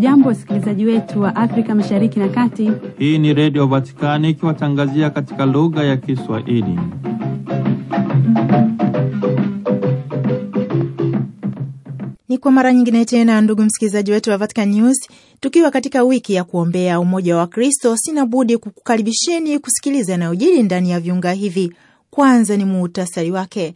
Jambo wasikilizaji wetu wa Afrika mashariki na kati. Hii ni Redio Vatikani ikiwatangazia katika lugha ya Kiswahili. Mm. Ni kwa mara nyingine tena, ndugu msikilizaji wetu wa Vatican News, tukiwa katika wiki ya kuombea umoja wa Kristo, sina budi kukukaribisheni kusikiliza yanayojiri ndani ya viunga hivi. Kwanza ni muhtasari wake.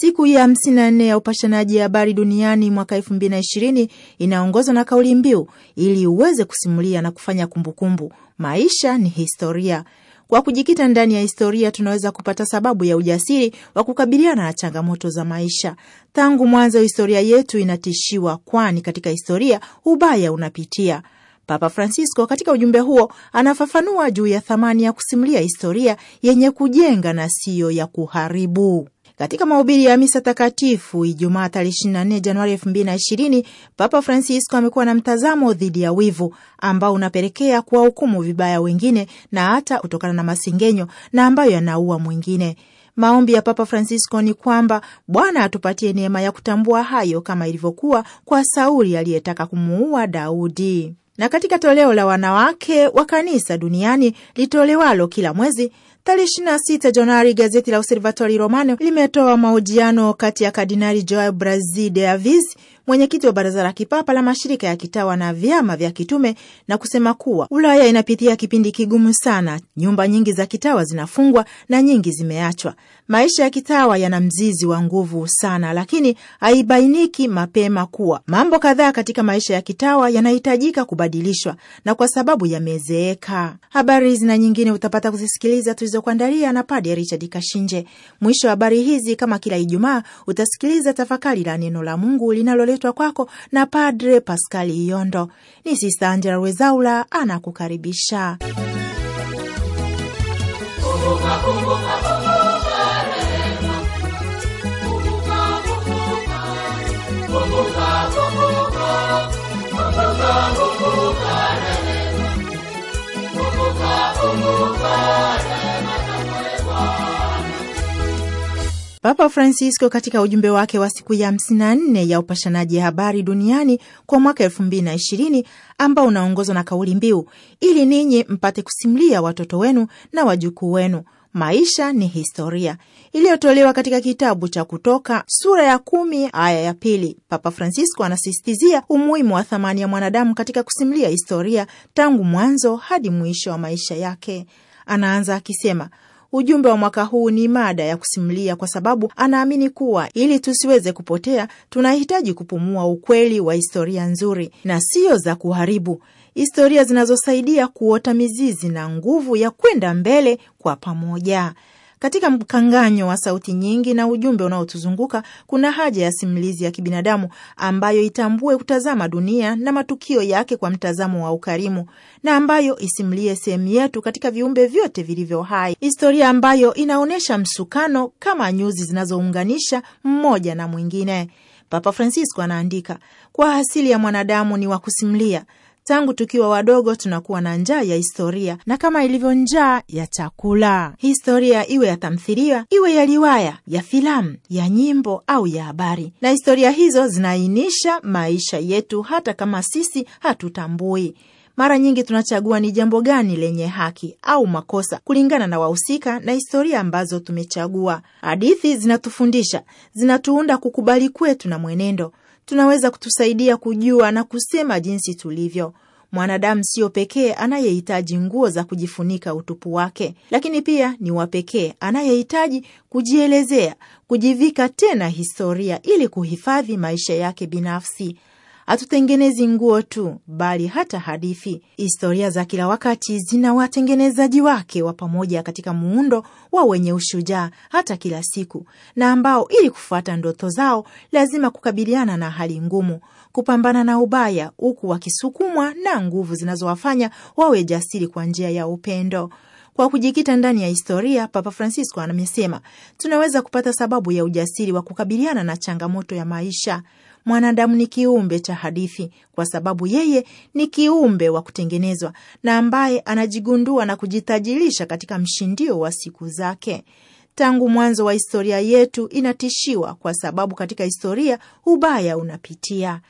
Siku ya 54 ya upashanaji habari duniani mwaka 2020 inaongozwa na kauli mbiu ili uweze kusimulia na kufanya kumbukumbu kumbu. Maisha ni historia. Kwa kujikita ndani ya historia, tunaweza kupata sababu ya ujasiri wa kukabiliana na changamoto za maisha. Tangu mwanzo, historia yetu inatishiwa, kwani katika historia ubaya unapitia. Papa Francisco katika ujumbe huo anafafanua juu ya thamani ya kusimulia historia yenye kujenga na siyo ya kuharibu. Katika mahubiri ya misa takatifu Ijumaa tarehe 24 Januari 2020, Papa Francisco amekuwa na mtazamo dhidi ya wivu ambao unapelekea kuwahukumu vibaya wengine na hata kutokana na masengenyo na ambayo yanaua mwingine. Maombi ya Papa Francisco ni kwamba Bwana atupatie neema ya kutambua hayo kama ilivyokuwa kwa Sauli aliyetaka kumuua Daudi na katika toleo la wanawake wa kanisa duniani litolewalo kila mwezi tarehe 26 Januari, gazeti la Osservatore Romano limetoa mahojiano kati ya Kardinali Joao Brazil de Avis mwenyekiti wa baraza la kipapa la mashirika ya kitawa na vyama vya kitume na kusema kuwa Ulaya inapitia kipindi kigumu sana. Nyumba nyingi za kitawa zinafungwa na nyingi zimeachwa. Maisha ya kitawa yana mzizi wa nguvu sana, lakini haibainiki mapema kuwa mambo kadhaa katika maisha ya kitawa yanahitajika kubadilishwa na kwa sababu yamezeeka. Habari hizi na nyingine utapata kuzisikiliza tulizokuandalia na Padre Richard Kashinje. Mwisho wa habari hizi, kama kila Ijumaa, utasikiliza tafakari la neno la Mungu linalo kuletwa kwako na Padre Paskali Iyondo. Ni Sista Angela Rwezaula anakukaribisha. kumbuka, kumbuka, kumbuka, kumbuka, kumbuka, kumbuka, kumbuka Papa Francisco katika ujumbe wake wa siku ya 54 ya upashanaji habari duniani kwa mwaka 2020 ambao unaongozwa na kauli mbiu ili ninyi mpate kusimulia watoto wenu na wajukuu wenu maisha ni historia iliyotolewa katika kitabu cha Kutoka sura ya kumi aya ya pili. Papa Francisco anasisitizia umuhimu wa thamani ya mwanadamu katika kusimulia historia tangu mwanzo hadi mwisho wa maisha yake. Anaanza akisema Ujumbe wa mwaka huu ni mada ya kusimulia, kwa sababu anaamini kuwa ili tusiweze kupotea, tunahitaji kupumua ukweli wa historia nzuri na sio za kuharibu, historia zinazosaidia kuota mizizi na nguvu ya kwenda mbele kwa pamoja. Katika mkanganyo wa sauti nyingi na ujumbe unaotuzunguka kuna haja ya simulizi ya kibinadamu ambayo itambue kutazama dunia na matukio yake kwa mtazamo wa ukarimu na ambayo isimulie sehemu yetu katika viumbe vyote vilivyo hai, historia ambayo inaonyesha msukano kama nyuzi zinazounganisha mmoja na mwingine. Papa Francisco anaandika, kwa asili ya mwanadamu ni wa kusimulia, Tangu tukiwa wadogo tunakuwa na njaa ya historia, na kama ilivyo njaa ya chakula. Historia iwe ya tamthilia, iwe ya riwaya, ya filamu, ya nyimbo au ya habari, na historia hizo zinaainisha maisha yetu, hata kama sisi hatutambui. Mara nyingi tunachagua ni jambo gani lenye haki au makosa kulingana na wahusika na historia ambazo tumechagua. Hadithi zinatufundisha, zinatuunda kukubali kwetu na mwenendo, tunaweza kutusaidia kujua na kusema jinsi tulivyo. Mwanadamu siyo pekee anayehitaji nguo za kujifunika utupu wake, lakini pia ni wa pekee anayehitaji kujielezea, kujivika tena historia ili kuhifadhi maisha yake binafsi hatutengenezi nguo tu, bali hata hadithi. Historia za kila wakati zina watengenezaji wake wa pamoja katika muundo wa wenye ushujaa hata kila siku, na ambao ili kufuata ndoto zao lazima kukabiliana na hali ngumu, kupambana na ubaya, huku wakisukumwa na nguvu zinazowafanya wawe jasiri kwa njia ya upendo. Kwa kujikita ndani ya historia, Papa Francisco amesema tunaweza kupata sababu ya ujasiri wa kukabiliana na changamoto ya maisha. Mwanadamu ni kiumbe cha hadithi, kwa sababu yeye ni kiumbe wa kutengenezwa na ambaye anajigundua na kujitajirisha katika mshindio wa siku zake. Tangu mwanzo wa historia yetu inatishiwa, kwa sababu katika historia ubaya unapitia.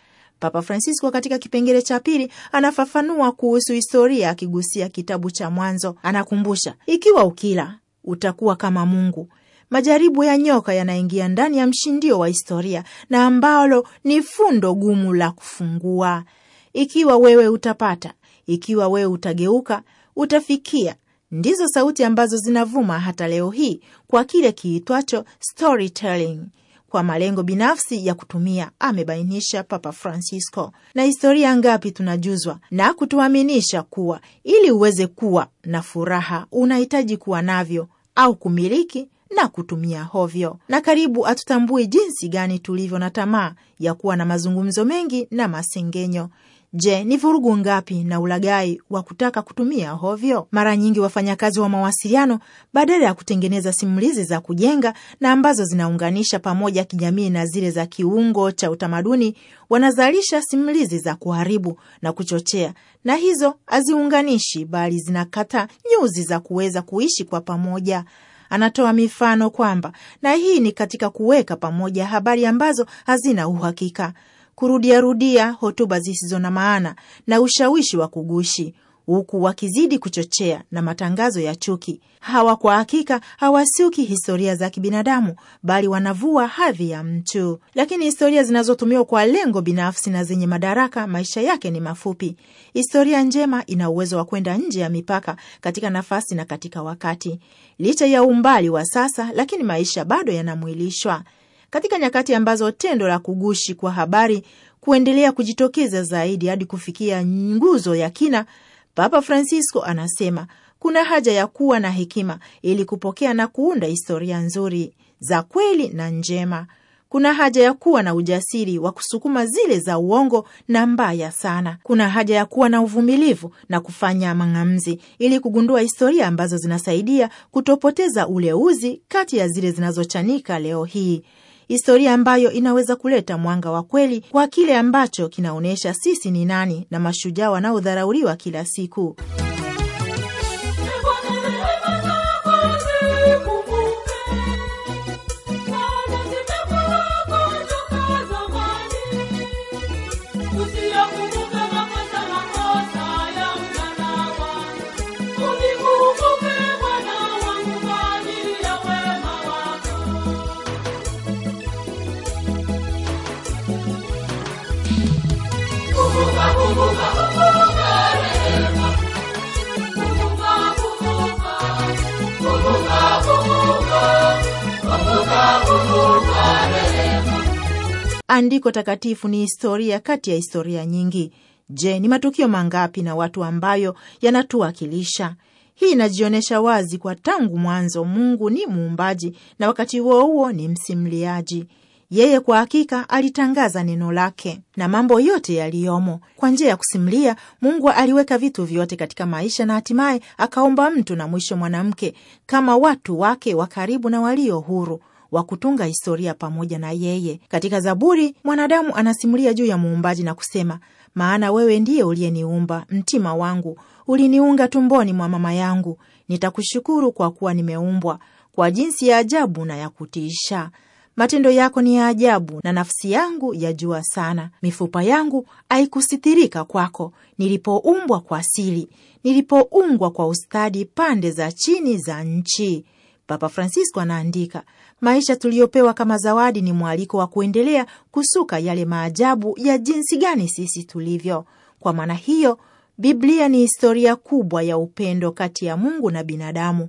Papa Francisco katika kipengele cha pili anafafanua kuhusu historia, akigusia kitabu cha Mwanzo. Anakumbusha, ikiwa ukila utakuwa kama Mungu, majaribu ya nyoka yanaingia ndani ya mshindio wa historia na ambalo ni fundo gumu la kufungua. Ikiwa wewe utapata, ikiwa wewe utageuka, utafikia ndizo sauti ambazo zinavuma hata leo hii kwa kile kiitwacho storytelling kwa malengo binafsi ya kutumia, amebainisha Papa Francisco. Na historia ngapi tunajuzwa na kutuaminisha kuwa ili uweze kuwa na furaha unahitaji kuwa navyo au kumiliki na kutumia hovyo, na karibu hatutambui jinsi gani tulivyo na tamaa ya kuwa na mazungumzo mengi na masengenyo. Je, ni vurugu ngapi na ulagai wa kutaka kutumia hovyo? Mara nyingi wafanyakazi wa mawasiliano badala ya kutengeneza simulizi za kujenga na ambazo zinaunganisha pamoja kijamii na zile za kiungo cha utamaduni, wanazalisha simulizi za kuharibu na kuchochea, na hizo haziunganishi bali zinakata nyuzi za kuweza kuishi kwa pamoja. Anatoa mifano kwamba, na hii ni katika kuweka pamoja habari ambazo hazina uhakika, kurudiarudia hotuba zisizo na maana na ushawishi wa kugushi huku wakizidi kuchochea na matangazo ya chuki. Hawa kwa hakika hawasuki historia za kibinadamu, bali wanavua hadhi ya mtu. Lakini historia zinazotumiwa kwa lengo binafsi na zenye madaraka, maisha yake ni mafupi. Historia njema ina uwezo wa kwenda nje ya mipaka, katika nafasi na katika wakati. Licha ya umbali wa sasa, lakini maisha bado yanamwilishwa katika nyakati ambazo tendo la kugushi kwa habari kuendelea kujitokeza zaidi hadi kufikia nguzo ya kina Papa Francisco anasema kuna haja ya kuwa na hekima ili kupokea na kuunda historia nzuri za kweli na njema. Kuna haja ya kuwa na ujasiri wa kusukuma zile za uongo na mbaya sana. Kuna haja ya kuwa na uvumilivu na kufanya mang'amzi ili kugundua historia ambazo zinasaidia kutopoteza ule uzi kati ya zile zinazochanika leo hii historia ambayo inaweza kuleta mwanga wa kweli kwa kile ambacho kinaonyesha sisi ni nani na mashujaa wanaodharauliwa kila siku. Andiko takatifu ni historia kati ya historia nyingi. Je, ni matukio mangapi na watu ambayo yanatuwakilisha? Hii inajionyesha wazi kwa tangu mwanzo, Mungu ni muumbaji na wakati huo huo ni msimliaji Yeye kwa hakika alitangaza neno lake na mambo yote yaliyomo. Kwa njia ya kusimulia, Mungu aliweka vitu vyote katika maisha na hatimaye akaumba mtu na mwisho mwanamke kama watu wake wa karibu na walio huru wa kutunga historia pamoja na yeye. Katika Zaburi, mwanadamu anasimulia juu ya muumbaji na kusema, maana wewe ndiye uliyeniumba, mtima wangu uliniunga tumboni mwa mama yangu. Nitakushukuru kwa kuwa nimeumbwa kwa jinsi ya ajabu na ya kutiisha. Matendo yako ni ya ajabu, na nafsi yangu yajua sana. Mifupa yangu haikusitirika kwako, nilipoumbwa kwa sili nilipoungwa kwa ustadi pande za chini za nchi. Papa Francisco anaandika, maisha tuliyopewa kama zawadi ni mwaliko wa kuendelea kusuka yale maajabu ya jinsi gani sisi tulivyo. Kwa maana hiyo, Biblia ni historia kubwa ya upendo kati ya Mungu na binadamu.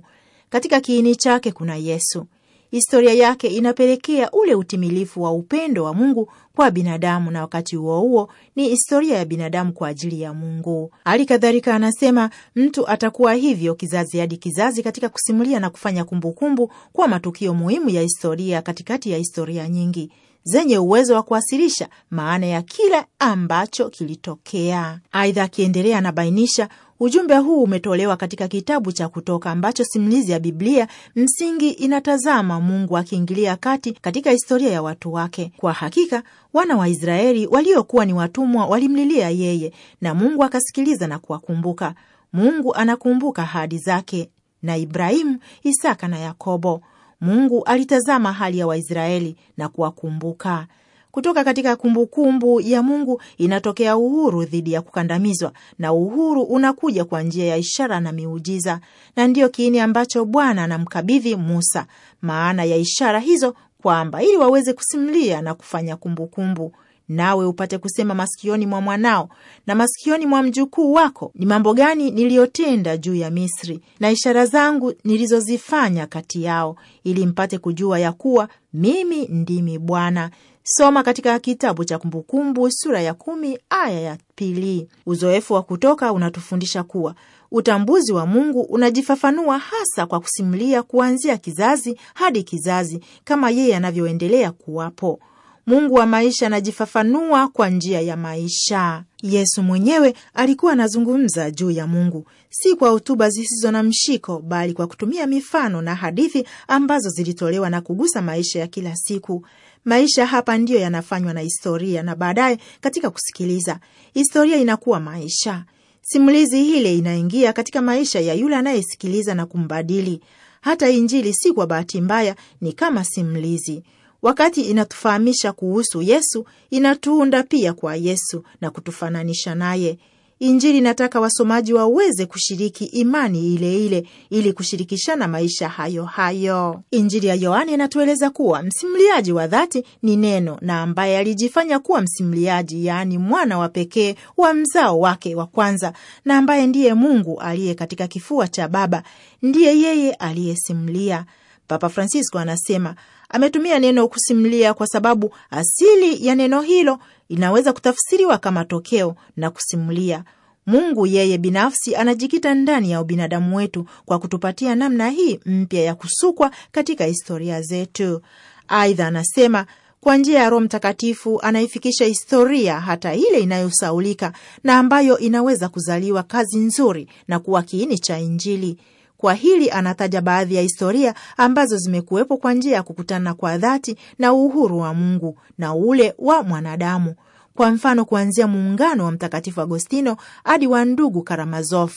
Katika kiini chake kuna Yesu historia yake inapelekea ule utimilifu wa upendo wa Mungu kwa binadamu, na wakati huo huo ni historia ya binadamu kwa ajili ya Mungu. Hali kadhalika, anasema mtu atakuwa hivyo kizazi hadi kizazi katika kusimulia na kufanya kumbukumbu kumbu kwa matukio muhimu ya historia katikati ya historia nyingi zenye uwezo wa kuwasilisha maana ya kile ambacho kilitokea. Aidha, akiendelea anabainisha Ujumbe huu umetolewa katika kitabu cha Kutoka ambacho simulizi ya Biblia msingi inatazama Mungu akiingilia kati katika historia ya watu wake. Kwa hakika wana wa Israeli waliokuwa ni watumwa walimlilia yeye na Mungu akasikiliza na kuwakumbuka. Mungu anakumbuka ahadi zake na Ibrahimu, Isaka na Yakobo. Mungu alitazama hali ya Waisraeli na kuwakumbuka. Kutoka katika kumbukumbu kumbu ya Mungu inatokea uhuru dhidi ya kukandamizwa, na uhuru unakuja kwa njia ya ishara na miujiza, na ndiyo kiini ambacho Bwana anamkabidhi Musa maana ya ishara hizo, kwamba ili waweze kusimulia na kufanya kumbukumbu kumbu. Nawe upate kusema masikioni mwa mwanao na masikioni mwa mjukuu wako, ni mambo gani niliyotenda juu ya Misri na ishara zangu nilizozifanya kati yao, ili mpate kujua ya kuwa mimi ndimi Bwana. Soma katika kitabu cha Kumbukumbu sura ya kumi aya ya pili. Uzoefu wa kutoka unatufundisha kuwa utambuzi wa Mungu unajifafanua hasa kwa kusimulia kuanzia kizazi hadi kizazi kama yeye anavyoendelea kuwapo. Mungu wa maisha anajifafanua kwa njia ya maisha. Yesu mwenyewe alikuwa anazungumza juu ya Mungu, si kwa hotuba zisizo na mshiko, bali kwa kutumia mifano na hadithi ambazo zilitolewa na kugusa maisha ya kila siku. Maisha hapa ndiyo yanafanywa na historia, na baadaye katika kusikiliza historia inakuwa maisha. Simulizi hile inaingia katika maisha ya yule anayesikiliza na kumbadili. Hata Injili si kwa bahati mbaya, ni kama simulizi. Wakati inatufahamisha kuhusu Yesu, inatuunda pia kwa Yesu na kutufananisha naye. Injili inataka wasomaji waweze kushiriki imani ile ile ili kushirikishana maisha hayo hayo. Injili ya Yohane inatueleza kuwa msimuliaji wa dhati ni Neno, na ambaye alijifanya kuwa msimuliaji, yaani mwana wa pekee wa mzao wake wa kwanza, na ambaye ndiye Mungu aliye katika kifua cha Baba, ndiye yeye aliyesimulia. Papa Francisco anasema ametumia neno kusimulia kwa sababu asili ya neno hilo inaweza kutafsiriwa kama tokeo na kusimulia. Mungu yeye binafsi anajikita ndani ya ubinadamu wetu kwa kutupatia namna hii mpya ya kusukwa katika historia zetu. Aidha anasema kwa njia ya Roho Mtakatifu anaifikisha historia hata ile inayosaulika na ambayo inaweza kuzaliwa kazi nzuri na kuwa kiini cha Injili. Kwa hili anataja baadhi ya historia ambazo zimekuwepo kwa njia ya kukutana kwa dhati na uhuru wa Mungu na ule wa mwanadamu. Kwa mfano, kuanzia muungano wa Mtakatifu Agostino hadi wa ndugu Karamazov.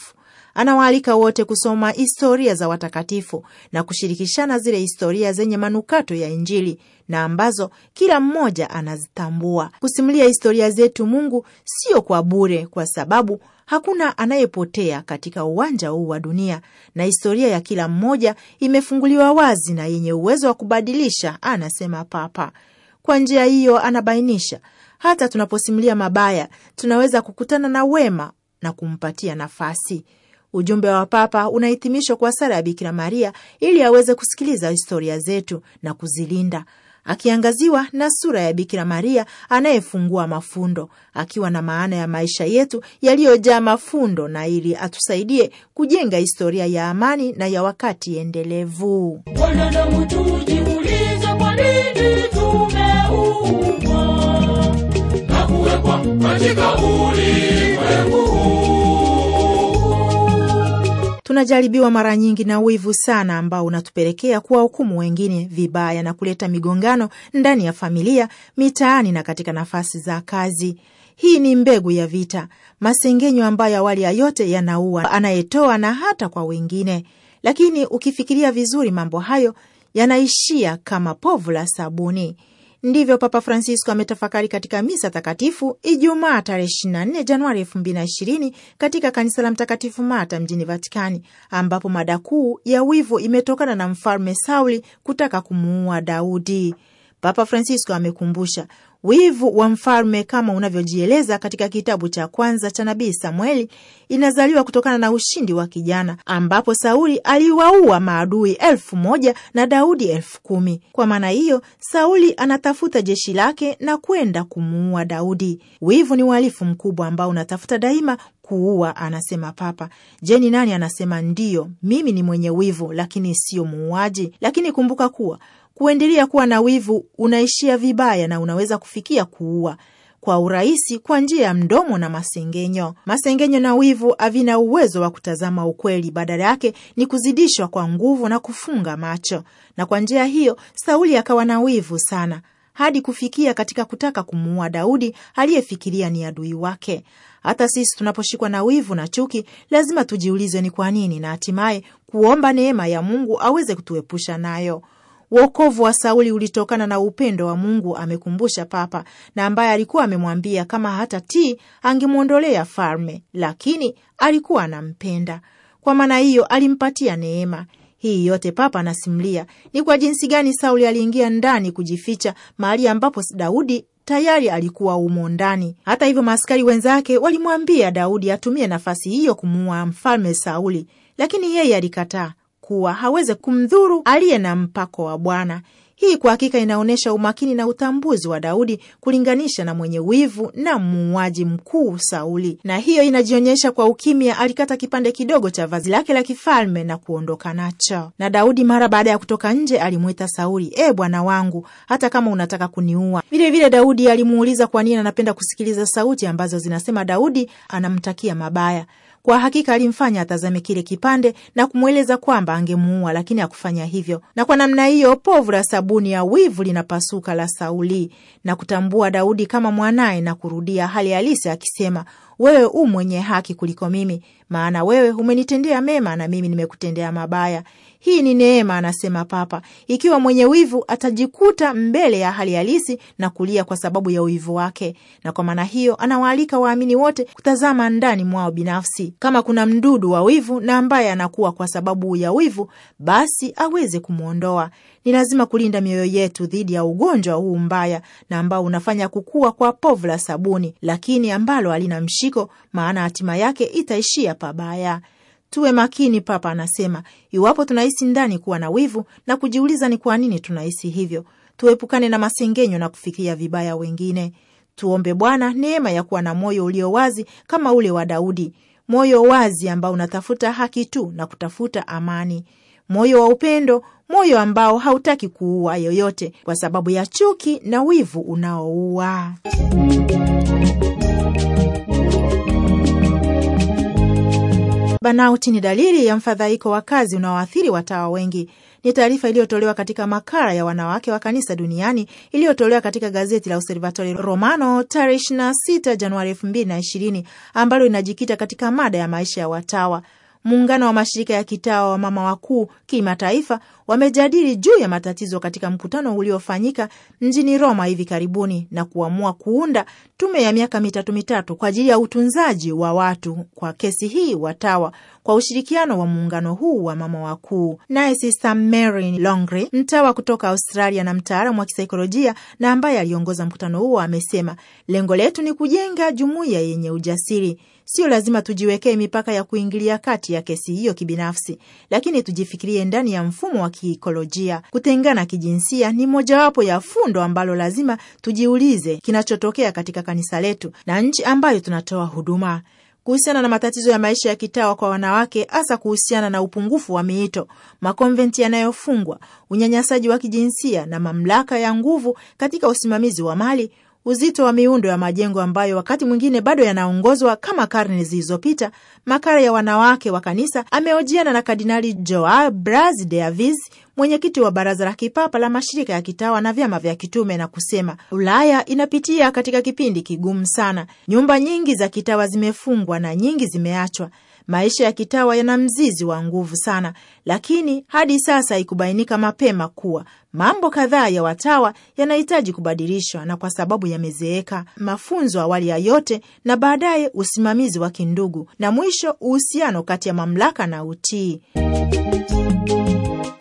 Anawaalika wote kusoma historia za watakatifu na kushirikishana zile historia zenye manukato ya Injili na ambazo kila mmoja anazitambua. Kusimulia historia zetu Mungu sio kwa bure, kwa sababu Hakuna anayepotea katika uwanja huu wa dunia, na historia ya kila mmoja imefunguliwa wazi na yenye uwezo wa kubadilisha, anasema Papa. Kwa njia hiyo, anabainisha, hata tunaposimulia mabaya tunaweza kukutana na wema na kumpatia nafasi. Ujumbe wa Papa unahitimishwa kwa sala ya Bikira Maria ili aweze kusikiliza historia zetu na kuzilinda akiangaziwa na sura ya Bikira Maria anayefungua mafundo, akiwa na maana ya maisha yetu yaliyojaa mafundo, na ili atusaidie kujenga historia ya amani na ya wakati endelevu. katika ulimwengu tunajaribiwa mara nyingi na wivu sana ambao unatupelekea kuwahukumu wengine vibaya na kuleta migongano ndani ya familia, mitaani na katika nafasi za kazi. Hii ni mbegu ya vita, masengenyo ambayo awali ya yote yanaua anayetoa na hata kwa wengine, lakini ukifikiria vizuri mambo hayo yanaishia kama povu la sabuni. Ndivyo Papa Francisco ametafakari katika misa takatifu Ijumaa tarehe 24 Januari 2020 katika kanisa la Mtakatifu Mata mjini Vatikani, ambapo mada kuu ya wivu imetokana na Mfalme Sauli kutaka kumuua Daudi. Papa Francisco amekumbusha Wivu wa mfalme kama unavyojieleza katika kitabu cha kwanza cha nabii Samueli inazaliwa kutokana na ushindi wa kijana, ambapo Sauli aliwaua maadui elfu moja na Daudi elfu kumi. Kwa maana hiyo, Sauli anatafuta jeshi lake na kwenda kumuua Daudi. Wivu ni uhalifu mkubwa ambao unatafuta daima kuua, anasema Papa. Je, ni nani anasema ndiyo, mimi ni mwenye wivu, lakini siyo muuaji? Lakini kumbuka kuwa Kuendelea kuwa na wivu unaishia vibaya na unaweza kufikia kuua kwa urahisi kwa njia ya mdomo na masengenyo. Masengenyo na wivu havina uwezo wa kutazama ukweli, badala yake ni kuzidishwa kwa nguvu na kufunga macho, na kwa njia hiyo Sauli akawa na wivu sana hadi kufikia katika kutaka kumuua Daudi aliyefikiria ni adui wake. Hata sisi tunaposhikwa na wivu na chuki, lazima tujiulize ni kwa nini, na hatimaye kuomba neema ya Mungu aweze kutuepusha nayo uokovu wa Sauli ulitokana na upendo wa Mungu, amekumbusha Papa, na ambaye alikuwa amemwambia kama hata ti angemwondolea falme, lakini alikuwa anampenda. Kwa maana hiyo alimpatia neema. Hii yote Papa anasimulia ni kwa jinsi gani Sauli aliingia ndani kujificha mahali ambapo Daudi tayari alikuwa umo ndani. Hata hivyo, maaskari wenzake walimwambia Daudi atumie nafasi hiyo kumuua mfalme Sauli, lakini yeye alikataa kuwa haweze kumdhuru aliye na mpako wa Bwana. Hii kwa hakika inaonyesha umakini na utambuzi wa Daudi kulinganisha na mwenye wivu na muuaji mkuu Sauli, na hiyo inajionyesha kwa ukimya. Alikata kipande kidogo cha vazi lake la kifalme na kuondoka nacho. Na Daudi mara baada ya kutoka nje alimwita Sauli, e bwana wangu, hata kama unataka kuniua. Vilevile Daudi alimuuliza kwa nini anapenda kusikiliza sauti ambazo zinasema Daudi anamtakia mabaya. Kwa hakika alimfanya atazame kile kipande na kumweleza kwamba angemuua, lakini hakufanya hivyo, na kwa namna hiyo povu la sabuni ya wivu linapasuka la Sauli na kutambua Daudi kama mwanaye na kurudia hali halisi akisema, wewe u mwenye haki kuliko mimi, maana wewe umenitendea mema na mimi nimekutendea mabaya. Hii ni neema, anasema Papa. Ikiwa mwenye wivu atajikuta mbele ya hali halisi na kulia kwa sababu ya uwivu wake, na kwa maana hiyo anawaalika waamini wote kutazama ndani mwao binafsi, kama kuna mdudu wa wivu na ambaye anakuwa kwa sababu ya wivu, basi aweze kumwondoa. Ni lazima kulinda mioyo yetu dhidi ya ugonjwa huu mbaya na ambao unafanya kukua kwa povu la sabuni, lakini ambalo halina mshiko, maana hatima yake itaishia pabaya. Tuwe makini, Papa anasema, iwapo tunahisi ndani kuwa na wivu na kujiuliza ni kwa nini tunahisi hivyo. Tuepukane na masengenyo na kufikiria vibaya wengine. Tuombe Bwana neema ya kuwa na moyo ulio wazi kama ule wa Daudi, moyo wazi ambao unatafuta haki tu na kutafuta amani, moyo wa upendo, moyo ambao hautaki kuua yoyote kwa sababu ya chuki na wivu unaoua. Burnout ni dalili ya mfadhaiko wa kazi unaoathiri watawa wengi. Ni taarifa iliyotolewa katika makala ya wanawake wa kanisa duniani iliyotolewa katika gazeti la Osservatore Romano tarehe 26 Januari 2020 ambalo inajikita katika mada ya maisha ya watawa. Muungano wa mashirika ya kitawa wa mama wakuu kimataifa wamejadili juu ya matatizo katika mkutano uliofanyika mjini Roma hivi karibuni na kuamua kuunda tume ya miaka mitatu mitatu kwa ajili ya utunzaji wa watu, kwa kesi hii watawa, kwa ushirikiano wa muungano huu wa mama wakuu. Naye Sister Mary Longry, mtawa kutoka Australia na mtaalamu wa kisaikolojia na ambaye aliongoza mkutano huo, amesema lengo letu ni kujenga jumuiya yenye ujasiri Sio lazima tujiwekee mipaka ya kuingilia kati ya kesi hiyo kibinafsi, lakini tujifikirie ndani ya mfumo wa kiikolojia. Kutengana kijinsia ni mojawapo ya fundo ambalo lazima tujiulize kinachotokea katika kanisa letu na nchi ambayo tunatoa huduma kuhusiana na matatizo ya maisha ya kitawa kwa wanawake, hasa kuhusiana na upungufu wa miito, makonventi yanayofungwa, unyanyasaji wa kijinsia na mamlaka ya nguvu katika usimamizi wa mali uzito wa miundo ya majengo ambayo wakati mwingine bado yanaongozwa kama karne zilizopita. Makara ya wanawake wa kanisa ameojiana na Kardinali Joao Braz de Avis, mwenyekiti wa baraza la kipapa la mashirika ya kitawa na vyama vya kitume, na kusema Ulaya inapitia katika kipindi kigumu sana. Nyumba nyingi za kitawa zimefungwa na nyingi zimeachwa. Maisha ya kitawa yana mzizi wa nguvu sana, lakini hadi sasa ikubainika mapema kuwa Mambo kadhaa ya watawa yanahitaji kubadilishwa, na kwa sababu yamezeeka, mafunzo awali ya yote, na baadaye usimamizi wa kindugu, na mwisho uhusiano kati ya mamlaka na utii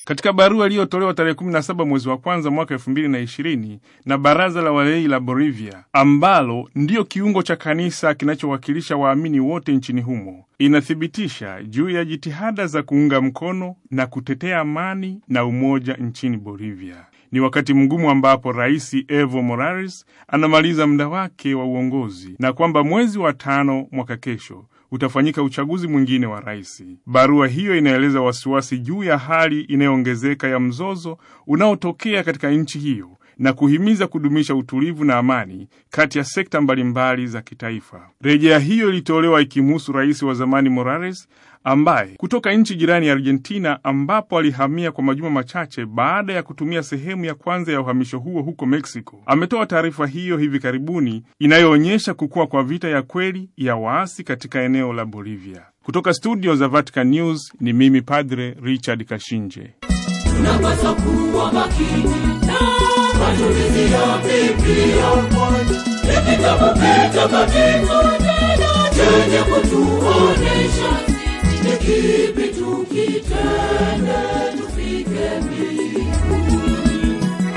katika barua iliyotolewa tarehe 17 mwezi wa kwanza mwaka 2020 na Baraza la Walei la Bolivia, ambalo ndiyo kiungo cha kanisa kinachowakilisha waamini wote nchini humo, inathibitisha juu ya jitihada za kuunga mkono na kutetea amani na umoja nchini Bolivia. Ni wakati mgumu ambapo Rais Evo Morales anamaliza muda wake wa uongozi na kwamba mwezi wa tano mwaka kesho utafanyika uchaguzi mwingine wa rais. Barua hiyo inaeleza wasiwasi juu ya hali inayoongezeka ya mzozo unaotokea katika nchi hiyo na kuhimiza kudumisha utulivu na amani kati ya sekta mbalimbali za kitaifa. Rejea hiyo ilitolewa ikimuhusu rais wa zamani Morales ambaye kutoka nchi jirani ya Argentina ambapo alihamia kwa majuma machache baada ya kutumia sehemu ya kwanza ya uhamisho huo huko Mexico. Ametoa taarifa hiyo hivi karibuni inayoonyesha kukua kwa vita ya kweli ya waasi katika eneo la Bolivia. Kutoka studio za Vatican News ni mimi Padre Richard Kashinje tunapaswa kuwa makini na matumizi ya Biblia, ni kitabu chenye kutuonesha ni kipi tukitende tufike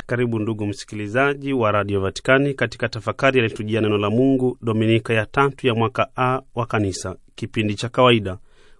Karibu ndugu msikilizaji wa Radio Vatikani katika tafakari yalitujia neno la Mungu Dominika ya tatu ya mwaka A wa Kanisa, kipindi cha kawaida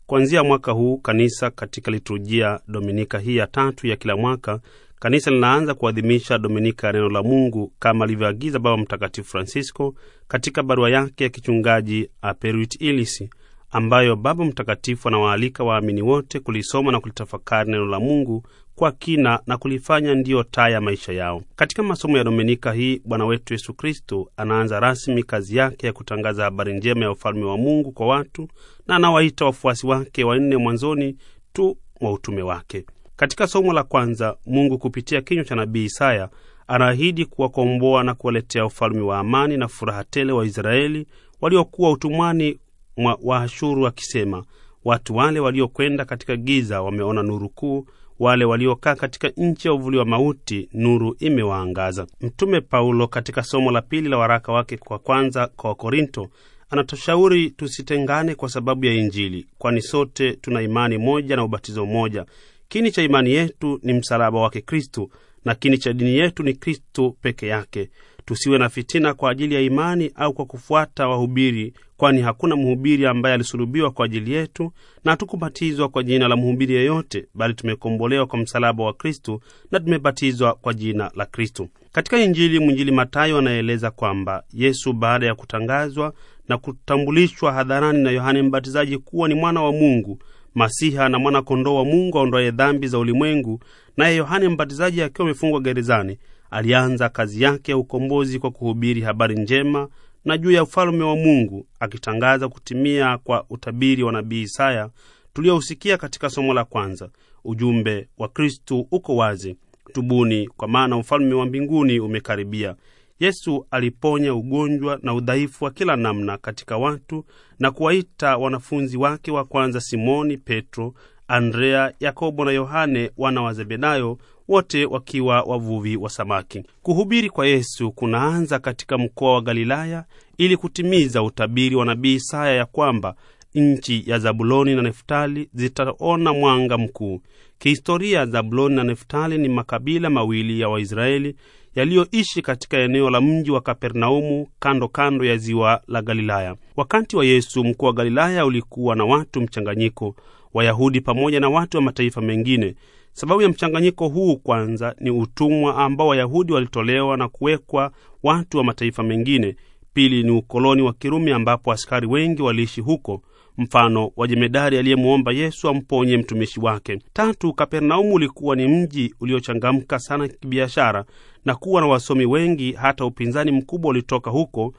Kuanzia mwaka huu kanisa katika liturujia dominika hii ya tatu ya kila mwaka, kanisa linaanza kuadhimisha dominika ya neno la Mungu kama alivyoagiza Baba Mtakatifu Francisco katika barua yake ya kichungaji Aperuit Ilis, ambayo Baba Mtakatifu anawaalika waamini wote kulisoma na kulitafakari neno la Mungu kwa kina na kulifanya ndiyo taa ya maisha yao. Katika masomo ya Dominika hii, Bwana wetu Yesu Kristo anaanza rasmi kazi yake ya kutangaza habari njema ya ufalme wa Mungu kwa watu, na anawaita wafuasi wake wanne mwanzoni tu wa utume wake. Katika somo la kwanza, Mungu kupitia kinywa cha nabii Isaya anaahidi kuwakomboa na kuwaletea ufalme wa amani na furaha tele wa Israeli waliokuwa utumwani mwa Waashuru akisema, watu wale waliokwenda katika giza wameona nuru kuu, wale waliokaa katika nchi ya uvuli wa mauti nuru imewaangaza. Mtume Paulo katika somo la pili la waraka wake kwa kwanza kwa Wakorinto anatushauri tusitengane kwa sababu ya Injili, kwani sote tuna imani moja na ubatizo mmoja. Kini cha imani yetu ni msalaba wake Kristu, na kini cha dini yetu ni Kristu peke yake. Tusiwe na fitina kwa ajili ya imani au kwa kufuata wahubiri, kwani hakuna mhubiri ambaye alisulubiwa kwa ajili yetu, na hatukubatizwa kwa jina la mhubiri yeyote, bali tumekombolewa kwa msalaba wa Kristu na tumebatizwa kwa jina la Kristu. Katika Injili, mwinjili Matayo anaeleza kwamba Yesu baada ya kutangazwa na kutambulishwa hadharani na Yohane Mbatizaji kuwa ni mwana wa Mungu, Masiha na mwana kondoo wa Mungu aondoaye dhambi za ulimwengu, naye Yohane Mbatizaji akiwa amefungwa gerezani Alianza kazi yake ya ukombozi kwa kuhubiri habari njema na juu ya ufalume wa Mungu, akitangaza kutimia kwa utabiri wa nabii Isaya tuliohusikia katika somo la kwanza. Ujumbe wa Kristu uko wazi: tubuni, kwa maana ufalume wa mbinguni umekaribia. Yesu aliponya ugonjwa na udhaifu wa kila namna katika watu na kuwaita wanafunzi wake wa kwanza Simoni Petro, Andrea, Yakobo na Yohane wana wa Zebedayo wote wakiwa wavuvi wa samaki. Kuhubiri kwa Yesu kunaanza katika mkoa wa Galilaya ili kutimiza utabiri wa nabii Isaya ya kwamba nchi ya Zabuloni na Neftali zitaona mwanga mkuu. Kihistoria, Zabuloni na Neftali ni makabila mawili ya Waisraeli yaliyoishi katika eneo la mji wa Kapernaumu kando kando ya ziwa la Galilaya. Wakati wa Yesu, mkoa wa Galilaya ulikuwa na watu mchanganyiko, Wayahudi pamoja na watu wa mataifa mengine. Sababu ya mchanganyiko huu kwanza ni utumwa ambao Wayahudi walitolewa na kuwekwa watu wa mataifa mengine. Pili ni ukoloni wa Kirumi ambapo askari wengi waliishi huko, mfano wa jemedari aliyemwomba Yesu amponye mtumishi wake. Tatu, Kapernaumu ulikuwa ni mji uliochangamka sana kibiashara na kuwa na wasomi wengi, hata upinzani mkubwa ulitoka huko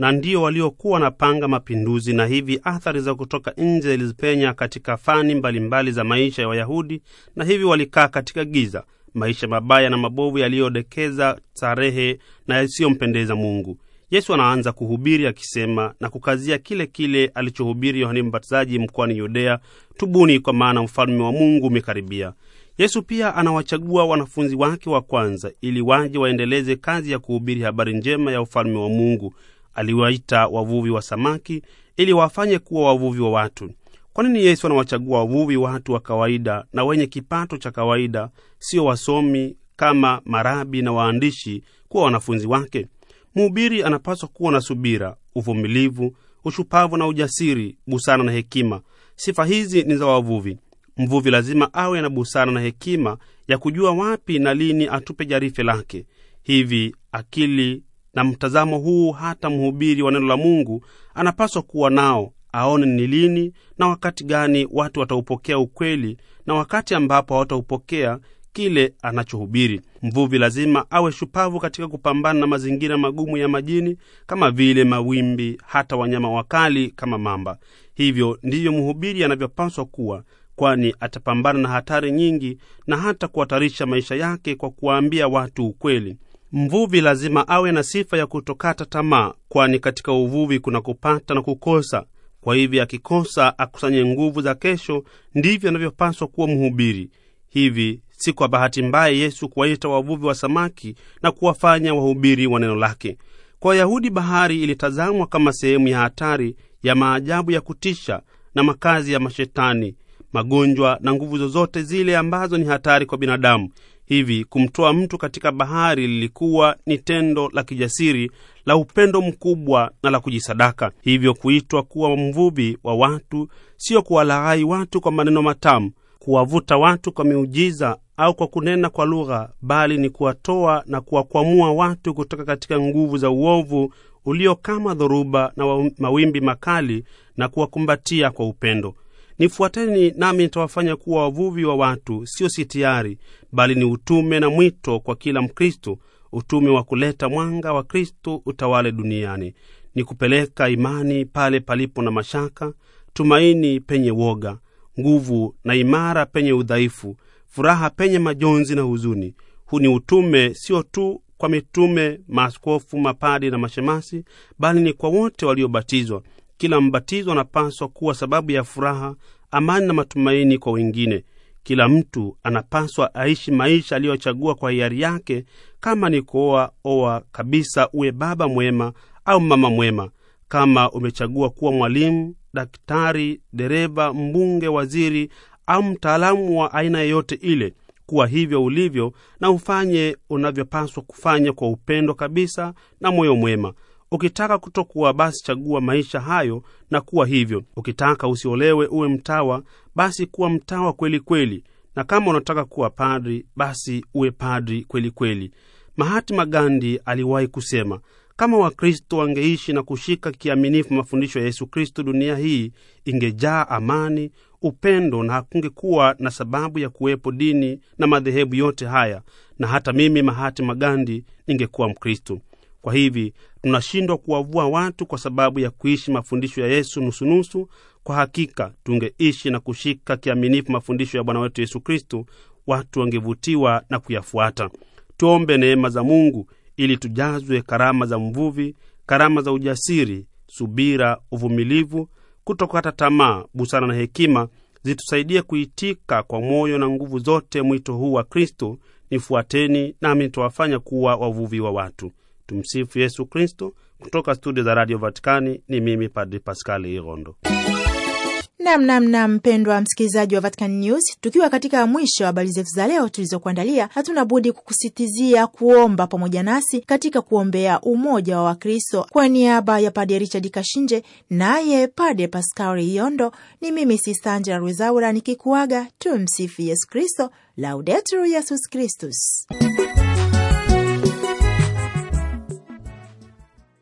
na ndio waliokuwa wanapanga mapinduzi, na hivi athari za kutoka nje zilizipenya katika fani mbalimbali za maisha ya Wayahudi, na hivi walikaa katika giza, maisha mabaya na mabovu yaliyodekeza starehe na yasiyompendeza Mungu. Yesu anaanza kuhubiri akisema na kukazia kile kile alichohubiri Yohani Mbatizaji mkoani Yudea, tubuni kwa maana mfalme wa Mungu umekaribia. Yesu pia anawachagua wanafunzi wake wa kwanza ili waje waendeleze kazi ya kuhubiri habari njema ya ufalme wa Mungu aliwaita wavuvi wa samaki ili wafanye kuwa wavuvi wa watu. Kwa nini Yesu anawachagua wavuvi watu wa kawaida na wenye kipato cha kawaida, sio wasomi kama marabi na waandishi kuwa wanafunzi wake? Mhubiri anapaswa kuwa na subira, uvumilivu, ushupavu na ujasiri, busara na hekima. Sifa hizi ni za wavuvi. Mvuvi lazima awe na busara na hekima ya kujua wapi na lini atupe jarife lake. Hivi akili na mtazamo huu hata mhubiri wa neno la Mungu anapaswa kuwa nao, aone ni lini na wakati gani watu wataupokea ukweli na wakati ambapo hawataupokea kile anachohubiri. Mvuvi lazima awe shupavu katika kupambana na mazingira magumu ya majini kama vile mawimbi, hata wanyama wakali kama mamba. Hivyo ndivyo mhubiri anavyopaswa kuwa, kwani atapambana na hatari nyingi na hata kuhatarisha maisha yake kwa kuwaambia watu ukweli. Mvuvi lazima awe na sifa ya kutokata tamaa, kwani katika uvuvi kuna kupata na kukosa. Kwa hivyo akikosa akusanye nguvu za kesho, ndivyo anavyopaswa kuwa mhubiri. Hivi si kwa bahati mbaya Yesu kuwaita wavuvi wa samaki na kuwafanya wahubiri wa neno lake. Kwa Wayahudi, bahari ilitazamwa kama sehemu ya hatari, ya maajabu ya kutisha na makazi ya mashetani, magonjwa na nguvu zozote zile ambazo ni hatari kwa binadamu. Hivi kumtoa mtu katika bahari lilikuwa ni tendo la kijasiri la upendo mkubwa na la kujisadaka. Hivyo kuitwa kuwa mvuvi wa watu sio kuwalaghai watu kwa maneno matamu, kuwavuta watu kwa miujiza au kwa kunena kwa lugha, bali ni kuwatoa na kuwakwamua watu kutoka katika nguvu za uovu ulio kama dhoruba na mawimbi makali na kuwakumbatia kwa upendo. Nifuateni nami nitawafanya kuwa wavuvi wa watu, sio sitiari, bali ni utume na mwito kwa kila Mkristo, utume wa kuleta mwanga wa Kristo utawale duniani, ni kupeleka imani pale palipo na mashaka, tumaini penye woga, nguvu na imara penye udhaifu, furaha penye majonzi na huzuni. Huu ni utume sio tu kwa mitume, maaskofu, mapadi na mashemasi, bali ni kwa wote waliobatizwa, kila mbatizo anapaswa kuwa sababu ya furaha, amani na matumaini kwa wengine. Kila mtu anapaswa aishi maisha aliyochagua kwa hiari yake, kama ni kuoa, oa kabisa, uwe baba mwema au mama mwema. Kama umechagua kuwa mwalimu, daktari, dereva, mbunge, waziri au mtaalamu wa aina yeyote ile, kuwa hivyo ulivyo na ufanye unavyopaswa kufanya kwa upendo kabisa na moyo mwema. Ukitaka kutokuwa basi chagua maisha hayo na kuwa hivyo. Ukitaka usiolewe uwe mtawa, basi kuwa mtawa kweli kweli, na kama unataka kuwa padri, basi uwe padri kweli kweli. mahatima gandi aliwahi kusema, kama Wakristo wangeishi na kushika kiaminifu mafundisho ya Yesu Kristo, dunia hii ingejaa amani, upendo na hakungekuwa na sababu ya kuwepo dini na madhehebu yote haya, na hata mimi mahatima gandi ningekuwa Mkristo. Kwa hivi tunashindwa kuwavua watu kwa sababu ya kuishi mafundisho ya Yesu nusunusu, kwa hakika tungeishi na kushika kiaminifu mafundisho ya Bwana wetu Yesu kristu watu wangevutiwa na kuyafuata. Tuombe neema za Mungu ili tujazwe karama za mvuvi, karama za ujasiri, subira, uvumilivu, kutokata tamaa, busara na hekima zitusaidie kuitika kwa moyo na nguvu zote mwito huu wa Kristo, nifuateni nami nitawafanya kuwa wavuvi wa watu. Tumsifu Yesu Kristo. Kutoka studio za Radio Vatikani ni mimi Padri Paskali Irondo. Namnamna mpendwa msikilizaji wa Vatican News, tukiwa katika mwisho wa habari zetu za leo tulizokuandalia, hatuna budi kukusitizia kuomba pamoja nasi katika kuombea umoja wa Wakristo. Kwa niaba ya Pade Richard Kashinje naye Pade Paskari Yondo, ni mimi Sista Angela Rwezaura nikikuaga. Tumsifu Yesu Kristo, Laudetur Yesus Kristus.